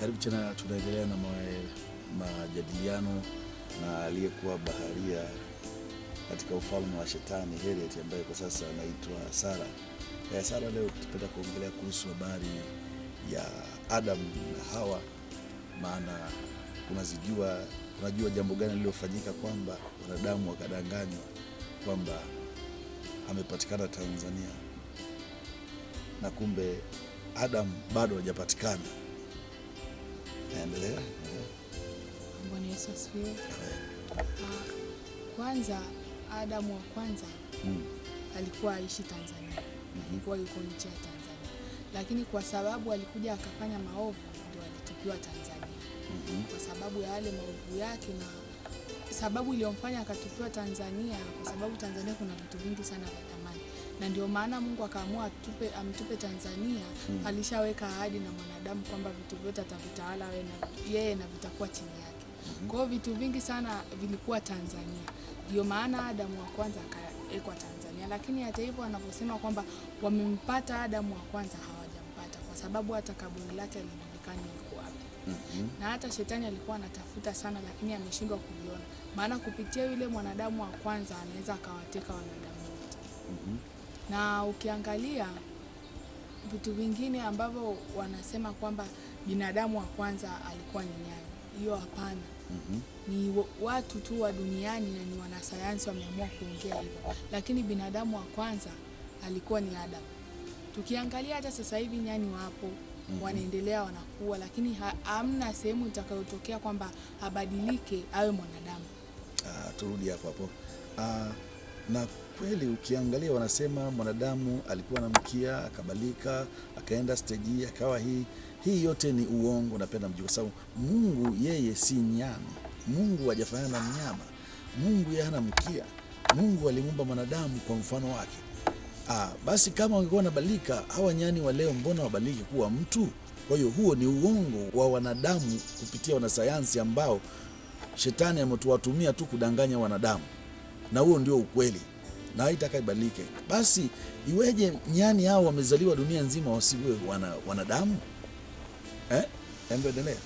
Karibu tena, tunaendelea na majadiliano na aliyekuwa baharia katika ufalme wa shetani Harriet, ambaye kwa sasa anaitwa Sara. Eh, Sara, leo tutapenda kuongelea kuhusu habari ya Adam na Hawa, maana unazijua, unajua jambo gani lililofanyika kwamba wanadamu wakadanganywa kwamba amepatikana Tanzania na kumbe Adam bado hajapatikana unaendelea. Bwana Yesu asifiwe. Ah, kwanza Adamu wa kwanza hmm. alikuwa aishi Tanzania -hmm. alikuwa yuko nchi ya Tanzania, lakini kwa sababu alikuja akafanya maovu ndio alitupiwa Tanzania -hmm. kwa sababu ya yale maovu yake na sababu iliyomfanya akatupiwa Tanzania kwa sababu Tanzania kuna vitu vingi sana vya na ndio maana Mungu akaamua atupe, amtupe Tanzania mm. Alishaweka ahadi na mwanadamu kwamba vitu vyote atavitawala yeye na vitakuwa chini yake mm. Kwa hiyo vitu vingi sana vilikuwa Tanzania, ndio maana Adamu wa kwanza akawekwa Tanzania, lakini hata hivyo wanavyosema kwamba wamempata Adamu wa kwanza hawajampata, kwa sababu hata kaburi lake linajulikana wapi mm -hmm. na hata shetani alikuwa anatafuta sana, lakini ameshindwa kuliona, maana kupitia yule mwanadamu wa kwanza anaweza akawateka wanadamu wote mm -hmm. Na ukiangalia vitu vingine ambavyo wanasema kwamba binadamu wa kwanza alikuwa ni nyani, hiyo hapana. Mm -hmm. Ni watu tu wa duniani na ni wanasayansi wameamua kuongea hivyo, lakini binadamu wa kwanza alikuwa ni Adamu. Tukiangalia hata sasa hivi nyani wapo, mm -hmm. wanaendelea wanakuwa, lakini hamna sehemu itakayotokea kwamba abadilike awe mwanadamu. Ah, turudi hapo hapo. Ah, na kweli ukiangalia, wanasema mwanadamu alikuwa na mkia akabalika, akaenda steji, akawa hii hii. Yote ni uongo, napenda mjue, kwa sababu Mungu yeye si nyama. Mungu hajafanana na mnyama. Mungu yeye hana mkia. Mungu alimuumba mwanadamu kwa mfano wake. Ah, basi kama wangekuwa wanabalika, hawa nyani wa leo mbona wabaliki kuwa mtu? Kwa hiyo huo ni uongo wa wanadamu kupitia wanasayansi ambao shetani ametuwatumia tu kudanganya wanadamu na huo ndio ukweli na haitaka ibadilike. Basi iweje nyani hao wamezaliwa dunia nzima wasiwe wana, wanadamu eh? Endelea.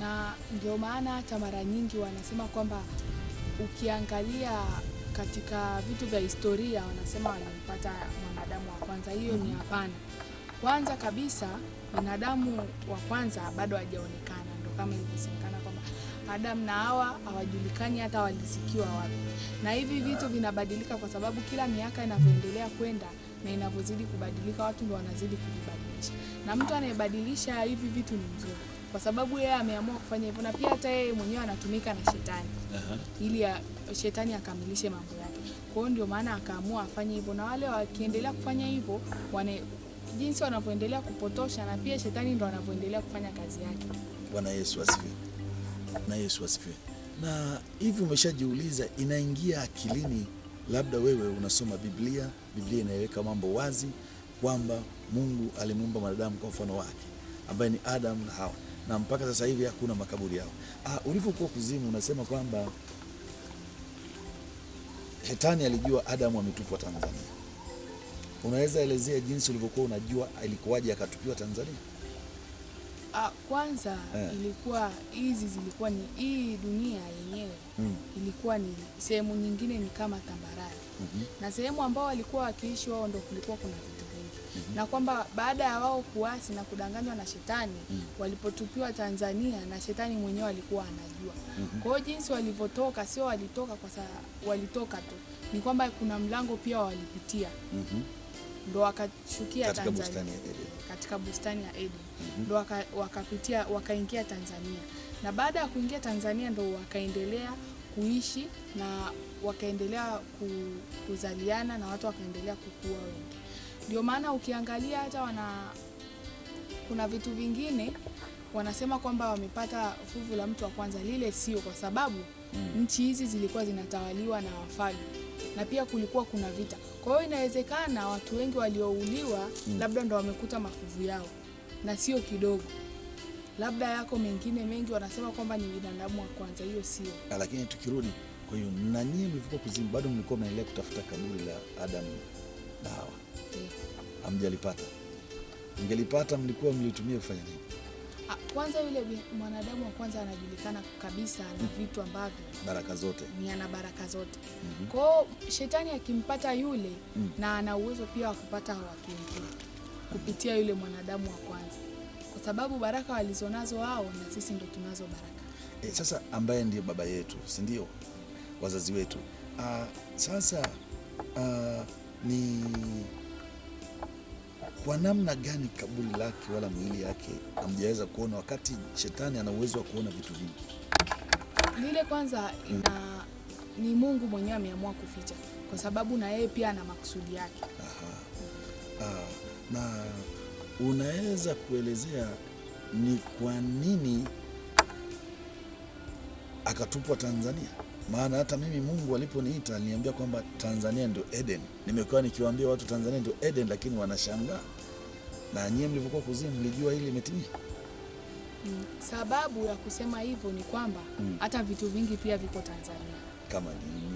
Na ndio maana hata mara nyingi wanasema kwamba ukiangalia katika vitu vya historia wanasema wanampata mwanadamu wa kwanza. Hiyo ni mhm. hapana. Kwanza kabisa mwanadamu wa kwanza bado hajaonekana, ndo kama ilivyosemekana Adam na Hawa hawajulikani hata walisikiwa wapi, na hivi vitu vinabadilika kwa sababu kila miaka inavyoendelea kwenda na inavyozidi kubadilika, watu ndio wanazidi kuvibadilisha, na mtu anayebadilisha hivi vitu ni mzuri, kwa sababu yeye ameamua kufanya hivyo, na pia hata yeye mwenyewe anatumika na shetani ili ya, shetani akamilishe mambo yake. Kwa hiyo ndio maana akaamua afanye hivyo, na wale wakiendelea kufanya hivyo wane jinsi wanavyoendelea kupotosha, na pia shetani ndio anavyoendelea kufanya kazi yake. Bwana Yesu asifiwe. Na Yesu asifiwe. Na hivi umeshajiuliza, inaingia akilini, labda wewe unasoma Biblia, Biblia inaweka mambo wazi kwamba Mungu alimuumba mwanadamu kwa mfano wake ambaye ni Adam na Hawa, na mpaka sasa hivi hakuna makaburi yao. Ah, ulivyokuwa kuzimu unasema kwamba Shetani alijua Adamu ametupwa Tanzania. Unaweza elezea jinsi ulivyokuwa unajua ilikuwaje akatupiwa Tanzania? A, ah, kwanza yeah. Ilikuwa hizi zilikuwa ni hii dunia yenyewe mm. Ilikuwa ni sehemu nyingine ni kama tambarare mm -hmm. Na sehemu ambao walikuwa wakiishi wao ndio kulikuwa kuna vitu vingi mm -hmm. Na kwamba baada ya wao kuasi na kudanganywa na shetani mm -hmm. Walipotupiwa Tanzania na shetani mwenyewe alikuwa anajua mm -hmm. Kwa hiyo jinsi walivyotoka sio walitoka kwa saa walitoka tu ni kwamba kuna mlango pia walipitia mm -hmm ndo wakashukia katika Tanzania katika bustani ya Eden mhm. ndo mm -hmm. wakapitia wakaingia Tanzania na baada ya kuingia Tanzania ndo wakaendelea kuishi na wakaendelea kuzaliana na watu wakaendelea kukua wengi. Ndio maana ukiangalia hata wana kuna vitu vingine wanasema kwamba wamepata fuvu la mtu wa kwanza, lile sio kwa sababu mm. nchi hizi zilikuwa zinatawaliwa na wafalme na pia kulikuwa kuna vita. Kwa hiyo inawezekana watu wengi waliouliwa mm. labda ndo wamekuta mafuvu yao na sio kidogo, labda yako mengine mengi, wanasema kwamba ni binadamu wa kwanza, hiyo sio. Ah, lakini tukirudi, kwa hiyo na nyinyi mlivyokuwa kuzimu, bado mlikuwa mnaendelea kutafuta kaburi la Adamu na Hawa, hamjalipata? Mngelipata mlikuwa mlitumia kufanya nini? Ah, kwanza yule mwanadamu wa kwanza anajulikana kabisa na mm. vitu ambavyo baraka zote ni ana baraka zote mm -hmm. Kwao shetani akimpata yule mm -hmm. na ana uwezo pia wa kupata watu wengine kupitia yule mwanadamu wa kwanza, kwa sababu baraka walizonazo wao na sisi ndo tunazo baraka e, sasa ambaye ndiyo baba yetu, si ndio? Wazazi wetu. Uh, sasa uh, ni kwa namna gani kaburi lake wala mwili yake hamjaweza kuona, wakati shetani ana uwezo wa kuona vitu vingi? Lile kwanza ina hmm. ni Mungu mwenyewe ameamua kuficha, kwa sababu na yeye pia ana makusudi yake. Aha. Aha. na unaweza kuelezea ni kwa nini akatupwa Tanzania? maana hata mimi Mungu aliponiita aliniambia kwamba Tanzania ndio Eden. Nimekuwa nikiwaambia watu Tanzania ndio Eden, lakini wanashangaa. Na nyie mlivyokuwa kuzimu mlijua hili limetimia? Mm, sababu ya kusema hivyo ni kwamba mm, hata vitu vingi pia viko Tanzania kama ni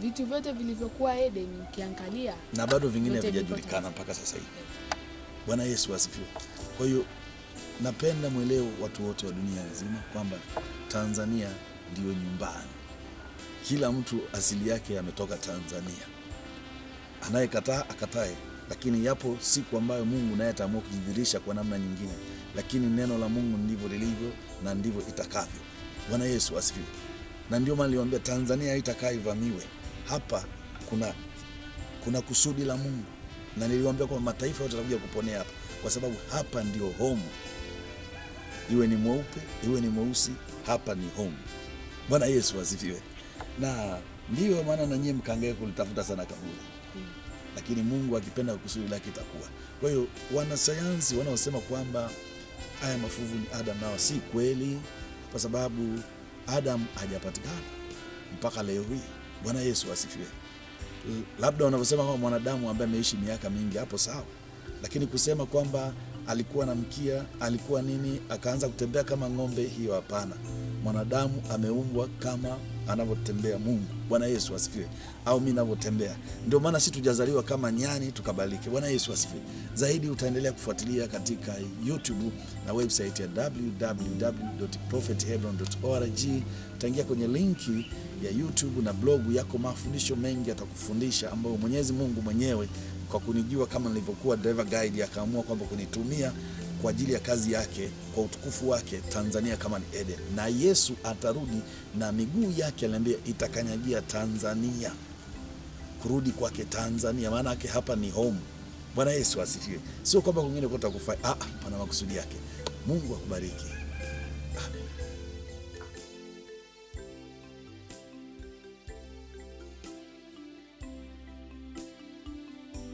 vitu vyote vilivyokuwa Eden ukiangalia, na bado vingine havijajulikana mpaka sasa hivi. Bwana Yesu asifiwe. Kwa hiyo napenda mweleo watu wote wa dunia nzima kwamba Tanzania ndiyo nyumbani kila mtu asili yake ametoka ya Tanzania, anayekataa akatae, lakini yapo siku ambayo Mungu naye ataamua kujidhihirisha kwa namna nyingine, lakini neno la Mungu ndivyo lilivyo na ndivyo itakavyo. Bwana Yesu asifiwe. Na ndio maana niliwaambia Tanzania haitakaa ivamiwe. Hapa kuna, kuna kusudi la Mungu, na niliwaambia kwamba mataifa yote yatakuja kuponea hapa, kwa sababu hapa ndio home. Iwe ni mweupe iwe ni mweusi, hapa ni home. Bwana Yesu asifiwe na ndiyo maana na nyie mkangae kulitafuta sana kaburi Lakini Mungu akipenda kusudi lake itakuwa. Kwa hiyo wanasayansi wanaosema kwamba haya mafuvu ni Adam nao si kweli, kwa sababu Adam hajapatikana mpaka leo hii. Bwana Yesu asifiwe. Labda wanavyosema kama mwanadamu ambaye ameishi miaka mingi, hapo sawa, lakini kusema kwamba alikuwa na mkia, alikuwa nini, akaanza kutembea kama ng'ombe, hiyo hapana. Mwanadamu ameumbwa kama anavyotembea Mungu. Bwana Yesu asifiwe, au mimi navyotembea. Ndio maana sisi tujazaliwa kama nyani tukabalike. Bwana Yesu asifiwe. Zaidi utaendelea kufuatilia katika YouTube na website ya www.prophethebron.org. Utaingia kwenye linki ya YouTube na blogu yako, mafundisho mengi atakufundisha ambayo Mwenyezi Mungu mwenyewe kwa kunijua kama nilivyokuwa driver guide, akaamua kwamba kunitumia kwa ajili ya kazi yake, kwa utukufu wake. Tanzania kama ni Eden, na Yesu atarudi na miguu yake, aliambia itakanyagia Tanzania, kurudi kwake Tanzania, maana yake hapa ni home. Bwana Yesu asifiwe. Sio kwamba kwingine kutakufa, ah, ah pana makusudi yake. Mungu akubariki.